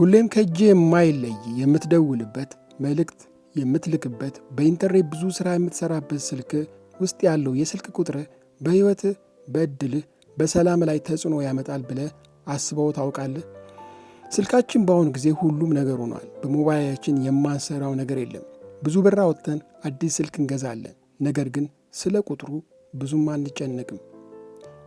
ሁሌም ከእጅ የማይለይ የምትደውልበት መልእክት የምትልክበት በኢንተርኔት ብዙ ሥራ የምትሠራበት ስልክ ውስጥ ያለው የስልክ ቁጥርህ በሕይወትህ በዕድልህ በሰላም ላይ ተጽዕኖ ያመጣል ብለህ አስበው ታውቃለህ? ስልካችን በአሁኑ ጊዜ ሁሉም ነገር ሆኗል። በሞባይላችን የማንሰራው ነገር የለም። ብዙ ብር አውጥተን አዲስ ስልክ እንገዛለን። ነገር ግን ስለ ቁጥሩ ብዙም አንጨነቅም።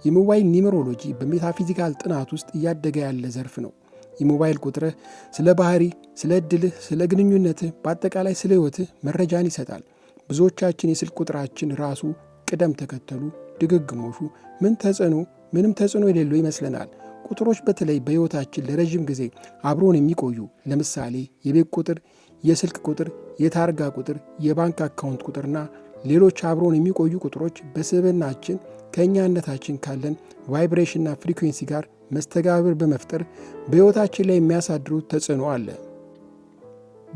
የሞባይል ኒውመሮሎጂ በሜታፊዚካል ጥናት ውስጥ እያደገ ያለ ዘርፍ ነው። የሞባይል ቁጥርህ፣ ስለ ባህሪ፣ ስለ እድልህ፣ ስለ ግንኙነትህ፣ በአጠቃላይ ስለ ህይወትህ መረጃን ይሰጣል። ብዙዎቻችን የስልክ ቁጥራችን ራሱ ቅደም ተከተሉ፣ ድግግሞሹ ምን ተጽዕኖ ምንም ተጽዕኖ የሌለው ይመስለናል። ቁጥሮች በተለይ በህይወታችን ለረዥም ጊዜ አብሮን የሚቆዩ ለምሳሌ የቤት ቁጥር፣ የስልክ ቁጥር፣ የታርጋ ቁጥር፣ የባንክ አካውንት ቁጥርና ሌሎች አብሮን የሚቆዩ ቁጥሮች በስብናችን ከእኛነታችን ካለን ቫይብሬሽንና ፍሪኩዌንሲ ጋር መስተጋብር በመፍጠር በሕይወታችን ላይ የሚያሳድሩት ተጽዕኖ አለ።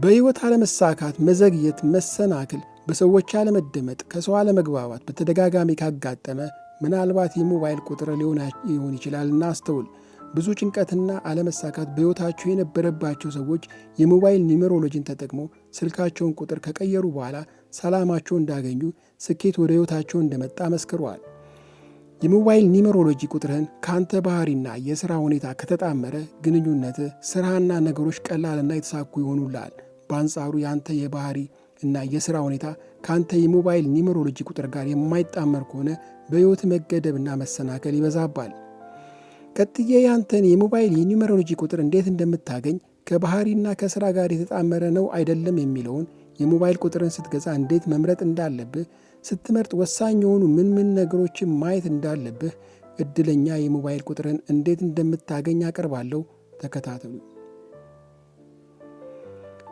በሕይወት አለመሳካት፣ መዘግየት፣ መሰናክል፣ በሰዎች አለመደመጥ፣ ከሰው አለመግባባት በተደጋጋሚ ካጋጠመ ምናልባት የሞባይል ቁጥር ሊሆን ይችላል። አስተውል ብዙ ጭንቀትና አለመሳካት በሕይወታቸው የነበረባቸው ሰዎች የሞባይል ኒውመሮሎጂን ተጠቅሞ ስልካቸውን ቁጥር ከቀየሩ በኋላ ሰላማቸው እንዳገኙ፣ ስኬት ወደ ሕይወታቸው እንደመጣ መስክረዋል። የሞባይል ኒመሮሎጂ ቁጥርህን ከአንተ ባህሪና የሥራ ሁኔታ ከተጣመረ ግንኙነት ስራና ነገሮች ቀላልና የተሳኩ ይሆኑልሃል። በአንጻሩ የአንተ የባህሪ እና የሥራ ሁኔታ ከአንተ የሞባይል ኒመሮሎጂ ቁጥር ጋር የማይጣመር ከሆነ በሕይወት መገደብና መሰናከል ይበዛባል። ቀጥዬ ያንተን የሞባይል የኒመሮሎጂ ቁጥር እንዴት እንደምታገኝ ከባህሪና ከሥራ ጋር የተጣመረ ነው አይደለም የሚለውን የሞባይል ቁጥርን ስትገዛ እንዴት መምረጥ እንዳለብህ ስትመርጥ ወሳኝ የሆኑ ምን ምን ነገሮችን ማየት እንዳለብህ፣ እድለኛ የሞባይል ቁጥርን እንዴት እንደምታገኝ አቀርባለሁ። ተከታተሉ።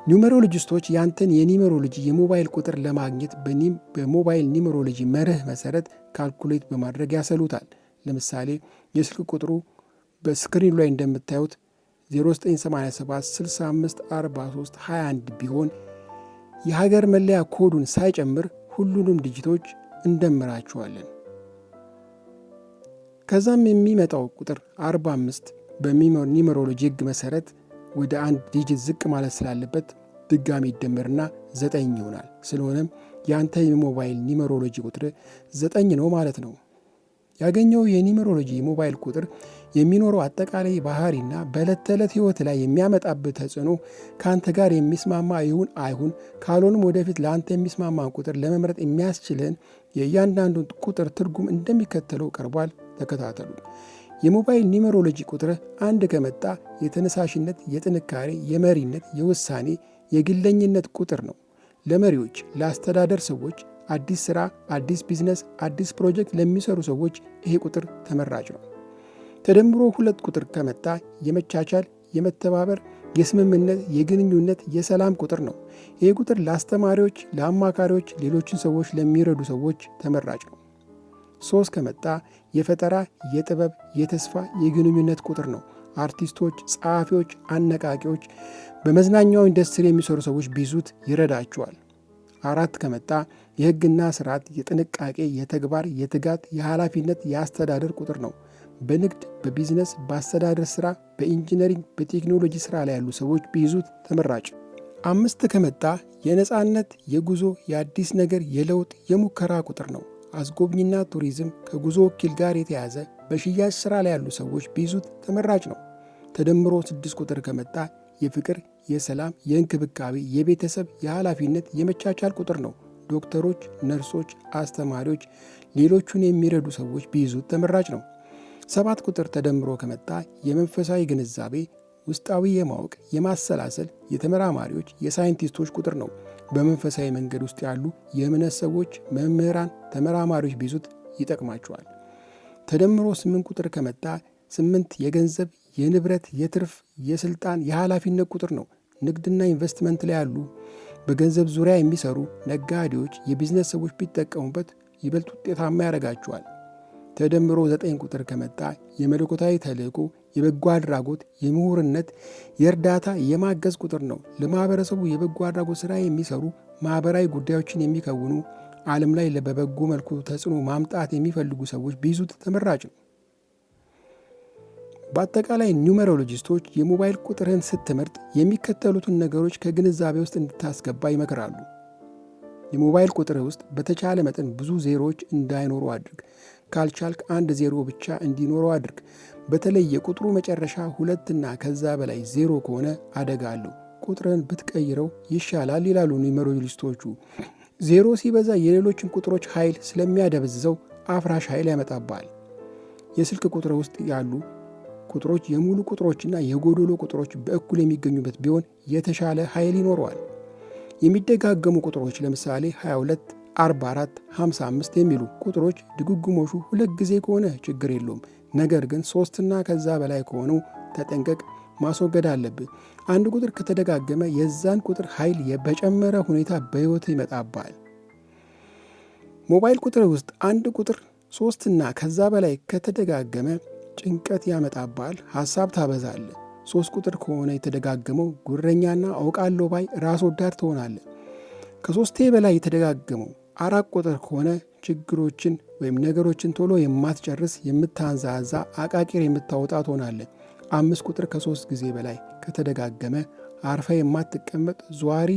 ኒውመሮሎጂስቶች ያንተን የኒውመሮሎጂ የሞባይል ቁጥር ለማግኘት በሞባይል ኒውመሮሎጂ መርህ መሰረት ካልኩሌት በማድረግ ያሰሉታል። ለምሳሌ የስልክ ቁጥሩ በስክሪኑ ላይ እንደምታዩት 0987654321 ቢሆን የሀገር መለያ ኮዱን ሳይጨምር ሁሉንም ድጅቶች እንደምራችኋለን። ከዛም የሚመጣው ቁጥር 45 በኒውመሮሎጂ ሕግ መሰረት ወደ አንድ ዲጂት ዝቅ ማለት ስላለበት ድጋሚ ይደመርና ዘጠኝ ይሆናል። ስለሆነም የአንተ የሞባይል ኒመሮሎጂ ቁጥር ዘጠኝ ነው ማለት ነው። ያገኘው የኒሜሮሎጂ ሞባይል ቁጥር የሚኖረው አጠቃላይ ባህሪና በዕለት ተዕለት ህይወት ላይ የሚያመጣብህ ተጽዕኖ ከአንተ ጋር የሚስማማ ይሁን አይሁን፣ ካልሆንም ወደፊት ለአንተ የሚስማማ ቁጥር ለመምረጥ የሚያስችልህን የእያንዳንዱን ቁጥር ትርጉም እንደሚከተለው ቀርቧል። ተከታተሉ። የሞባይል ኒሜሮሎጂ ቁጥር አንድ ከመጣ የተነሳሽነት፣ የጥንካሬ፣ የመሪነት፣ የውሳኔ፣ የግለኝነት ቁጥር ነው። ለመሪዎች፣ ለአስተዳደር ሰዎች አዲስ ስራ፣ አዲስ ቢዝነስ፣ አዲስ ፕሮጀክት ለሚሰሩ ሰዎች ይሄ ቁጥር ተመራጭ ነው። ተደምሮ ሁለት ቁጥር ከመጣ የመቻቻል፣ የመተባበር፣ የስምምነት፣ የግንኙነት፣ የሰላም ቁጥር ነው። ይሄ ቁጥር ለአስተማሪዎች፣ ለአማካሪዎች፣ ሌሎችን ሰዎች ለሚረዱ ሰዎች ተመራጭ ነው። ሶስት ከመጣ የፈጠራ፣ የጥበብ፣ የተስፋ፣ የግንኙነት ቁጥር ነው። አርቲስቶች፣ ጸሐፊዎች፣ አነቃቂዎች፣ በመዝናኛው ኢንዱስትሪ የሚሰሩ ሰዎች ቢይዙት ይረዳቸዋል። አራት ከመጣ የህግና ስርዓት የጥንቃቄ የተግባር የትጋት የኃላፊነት የአስተዳደር ቁጥር ነው። በንግድ በቢዝነስ በአስተዳደር ሥራ በኢንጂነሪንግ በቴክኖሎጂ ሥራ ላይ ያሉ ሰዎች ቢይዙት ተመራጭ። አምስት ከመጣ የነፃነት የጉዞ የአዲስ ነገር የለውጥ የሙከራ ቁጥር ነው። አስጎብኝና ቱሪዝም ከጉዞ ወኪል ጋር የተያዘ በሽያጭ ሥራ ላይ ያሉ ሰዎች ቢይዙት ተመራጭ ነው። ተደምሮ ስድስት ቁጥር ከመጣ የፍቅር የሰላም፣ የእንክብካቤ፣ የቤተሰብ፣ የኃላፊነት፣ የመቻቻል ቁጥር ነው። ዶክተሮች፣ ነርሶች፣ አስተማሪዎች፣ ሌሎቹን የሚረዱ ሰዎች ቢይዙት ተመራጭ ነው። ሰባት ቁጥር ተደምሮ ከመጣ የመንፈሳዊ ግንዛቤ፣ ውስጣዊ የማወቅ፣ የማሰላሰል፣ የተመራማሪዎች፣ የሳይንቲስቶች ቁጥር ነው። በመንፈሳዊ መንገድ ውስጥ ያሉ የእምነት ሰዎች፣ መምህራን፣ ተመራማሪዎች ቢይዙት ይጠቅማቸዋል። ተደምሮ ስምንት ቁጥር ከመጣ ስምንት የገንዘብ የንብረት የትርፍ የስልጣን የኃላፊነት ቁጥር ነው። ንግድና ኢንቨስትመንት ላይ ያሉ በገንዘብ ዙሪያ የሚሰሩ ነጋዴዎች፣ የቢዝነስ ሰዎች ቢጠቀሙበት ይበልጥ ውጤታማ ያደርጋቸዋል። ተደምሮ ዘጠኝ ቁጥር ከመጣ የመለኮታዊ ተልእኮ፣ የበጎ አድራጎት፣ የምሁርነት፣ የእርዳታ፣ የማገዝ ቁጥር ነው። ለማህበረሰቡ የበጎ አድራጎት ሥራ የሚሰሩ ማህበራዊ ጉዳዮችን የሚከውኑ ዓለም ላይ በበጎ መልኩ ተጽዕኖ ማምጣት የሚፈልጉ ሰዎች ቢይዙት ተመራጭ ነው። በአጠቃላይ ኒውሜሮሎጂስቶች የሞባይል ቁጥርህን ስትመርጥ የሚከተሉትን ነገሮች ከግንዛቤ ውስጥ እንድታስገባ ይመክራሉ። የሞባይል ቁጥርህ ውስጥ በተቻለ መጠን ብዙ ዜሮዎች እንዳይኖሩ አድርግ። ካልቻልክ አንድ ዜሮ ብቻ እንዲኖረው አድርግ። በተለይ የቁጥሩ መጨረሻ ሁለትና ከዛ በላይ ዜሮ ከሆነ አደጋ አለው። ቁጥርን ብትቀይረው ይሻላል ይላሉ ኒውሜሮሎጂስቶቹ። ዜሮ ሲበዛ የሌሎችን ቁጥሮች ኃይል ስለሚያደበዝዘው አፍራሽ ኃይል ያመጣባል። የስልክ ቁጥር ውስጥ ያሉ ቁጥሮች የሙሉ ቁጥሮችና የጎዶሎ ቁጥሮች በእኩል የሚገኙበት ቢሆን የተሻለ ኃይል ይኖረዋል። የሚደጋገሙ ቁጥሮች ለምሳሌ 22፣ 44፣ 55 የሚሉ ቁጥሮች ድግግሞሹ ሁለት ጊዜ ከሆነ ችግር የለውም። ነገር ግን ሶስትና ከዛ በላይ ከሆነው ተጠንቀቅ፣ ማስወገድ አለብህ። አንድ ቁጥር ከተደጋገመ የዛን ቁጥር ኃይል በጨመረ ሁኔታ በሕይወት ይመጣባል። ሞባይል ቁጥር ውስጥ አንድ ቁጥር ሶስትና ከዛ በላይ ከተደጋገመ ጭንቀት ያመጣባል፣ ሐሳብ ታበዛለህ። ሶስት ቁጥር ከሆነ የተደጋገመው ጉረኛና አውቃለሁ ባይ ራስ ወዳድ ትሆናለ። ከሦስቴ በላይ የተደጋገመው አራት ቁጥር ከሆነ ችግሮችን ወይም ነገሮችን ቶሎ የማትጨርስ የምታንዛዛ፣ አቃቂር የምታወጣ ትሆናለ። አምስት ቁጥር ከሦስት ጊዜ በላይ ከተደጋገመ አርፈ የማትቀመጥ ዘዋሪ፣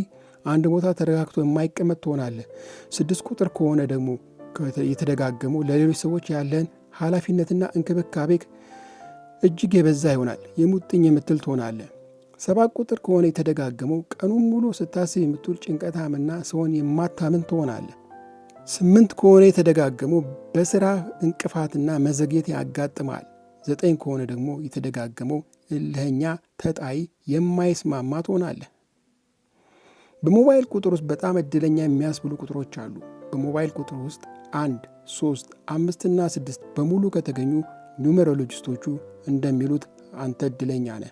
አንድ ቦታ ተረጋግቶ የማይቀመጥ ትሆናለህ። ስድስት ቁጥር ከሆነ ደግሞ የተደጋገመው ለሌሎች ሰዎች ያለህን ኃላፊነትና እንክብካቤ እጅግ የበዛ ይሆናል። የሙጥኝ የምትል ትሆናለ። ሰባት ቁጥር ከሆነ የተደጋገመው ቀኑን ሙሉ ስታስብ የምትውል ጭንቀታምና ሰውን የማታምን ትሆናለ። ስምንት ከሆነ የተደጋገመው በስራ እንቅፋትና መዘግየት ያጋጥማል። ዘጠኝ ከሆነ ደግሞ የተደጋገመው እልህኛ፣ ተጣይ፣ የማይስማማ ትሆናለህ። በሞባይል ቁጥር ውስጥ በጣም እድለኛ የሚያስብሉ ቁጥሮች አሉ። በሞባይል ቁጥር ውስጥ አንድ ሶስት አምስትና ስድስት በሙሉ ከተገኙ ኒውሜሮሎጂስቶቹ እንደሚሉት አንተ እድለኛ ነ።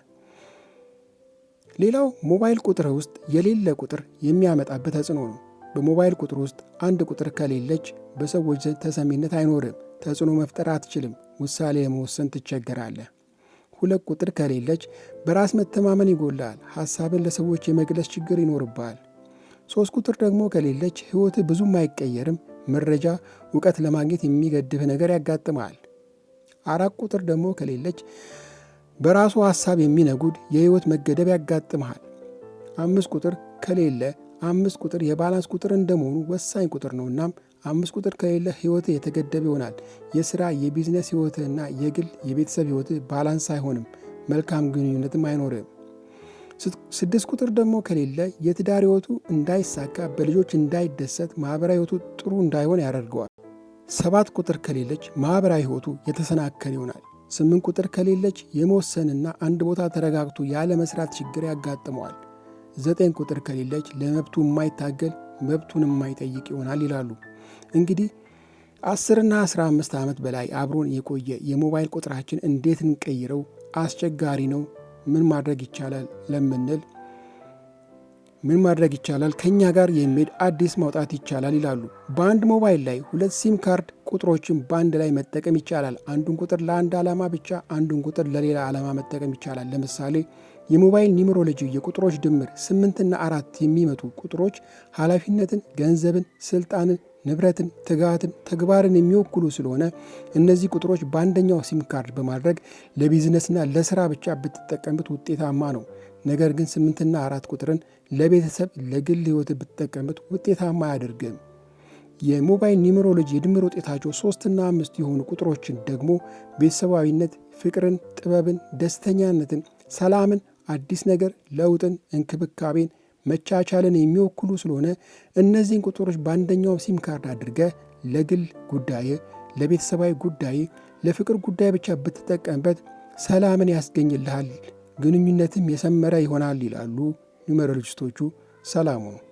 ሌላው ሞባይል ቁጥር ውስጥ የሌለ ቁጥር የሚያመጣበት ተጽዕኖ ነው። በሞባይል ቁጥር ውስጥ አንድ ቁጥር ከሌለች በሰዎች ዘንድ ተሰሚነት አይኖርም። ተጽዕኖ መፍጠር አትችልም። ውሳሌ ለመወሰን ትቸገራለህ። ሁለት ቁጥር ከሌለች በራስ መተማመን ይጎላል። ሀሳብን ለሰዎች የመግለጽ ችግር ይኖርብሃል። ሶስት ቁጥር ደግሞ ከሌለች ሕይወትህ ብዙም አይቀየርም። መረጃ፣ እውቀት ለማግኘት የሚገድብህ ነገር ያጋጥመሃል። አራት ቁጥር ደግሞ ከሌለች በራሱ ሐሳብ የሚነጉድ የሕይወት መገደብ ያጋጥመሃል። አምስት ቁጥር ከሌለ አምስት ቁጥር የባላንስ ቁጥር እንደመሆኑ ወሳኝ ቁጥር ነው። እናም አምስት ቁጥር ከሌለ ህይወት የተገደበ ይሆናል። የሥራ የቢዝነስ ሕይወትህና የግል የቤተሰብ ሕይወትህ ባላንስ አይሆንም። መልካም ግንኙነትም አይኖርም። ስድስት ቁጥር ደግሞ ከሌለ የትዳር ሕይወቱ እንዳይሳካ፣ በልጆች እንዳይደሰት፣ ማኅበራዊ ሕይወቱ ጥሩ እንዳይሆን ያደርገዋል። ሰባት ቁጥር ከሌለች ማኅበራዊ ሕይወቱ የተሰናከለ ይሆናል። ስምንት ቁጥር ከሌለች የመወሰንና አንድ ቦታ ተረጋግቶ ያለ መስራት ችግር ያጋጥመዋል። ዘጠኝ ቁጥር ከሌለች ለመብቱ የማይታገል መብቱን የማይጠይቅ ይሆናል ይላሉ። እንግዲህ አስርና አስራ አምስት ዓመት በላይ አብሮን የቆየ የሞባይል ቁጥራችን እንዴት እንቀይረው? አስቸጋሪ ነው። ምን ማድረግ ይቻላል ለምንል ምን ማድረግ ይቻላል ከኛ ጋር የሚሄድ አዲስ ማውጣት ይቻላል ይላሉ። በአንድ ሞባይል ላይ ሁለት ሲም ካርድ ቁጥሮችን በአንድ ላይ መጠቀም ይቻላል። አንዱን ቁጥር ለአንድ ዓላማ ብቻ፣ አንዱን ቁጥር ለሌላ ዓላማ መጠቀም ይቻላል። ለምሳሌ የሞባይል ኒውመሮሎጂ የቁጥሮች ድምር ስምንትና አራት የሚመጡ ቁጥሮች ኃላፊነትን፣ ገንዘብን፣ ስልጣንን፣ ንብረትን፣ ትጋትን፣ ተግባርን የሚወክሉ ስለሆነ እነዚህ ቁጥሮች በአንደኛው ሲም ካርድ በማድረግ ለቢዝነስና ለስራ ብቻ ብትጠቀምበት ውጤታማ ነው። ነገር ግን ስምንትና አራት ቁጥርን ለቤተሰብ፣ ለግል ህይወት ብትጠቀምበት ውጤታማ አያደርግም። የሞባይል ኒውመሮሎጂ የድምር ውጤታቸው ሶስትና አምስት የሆኑ ቁጥሮችን ደግሞ ቤተሰባዊነት፣ ፍቅርን፣ ጥበብን፣ ደስተኛነትን፣ ሰላምን አዲስ ነገር፣ ለውጥን፣ እንክብካቤን፣ መቻቻልን የሚወክሉ ስለሆነ እነዚህን ቁጥሮች በአንደኛው ሲም ካርድ አድርገ ለግል ጉዳይ፣ ለቤተሰባዊ ጉዳይ፣ ለፍቅር ጉዳይ ብቻ ብትጠቀምበት ሰላምን ያስገኝልሃል፣ ግንኙነትም የሰመረ ይሆናል ይላሉ ኒውመሮሎጂስቶቹ። ሰላሙ ነው።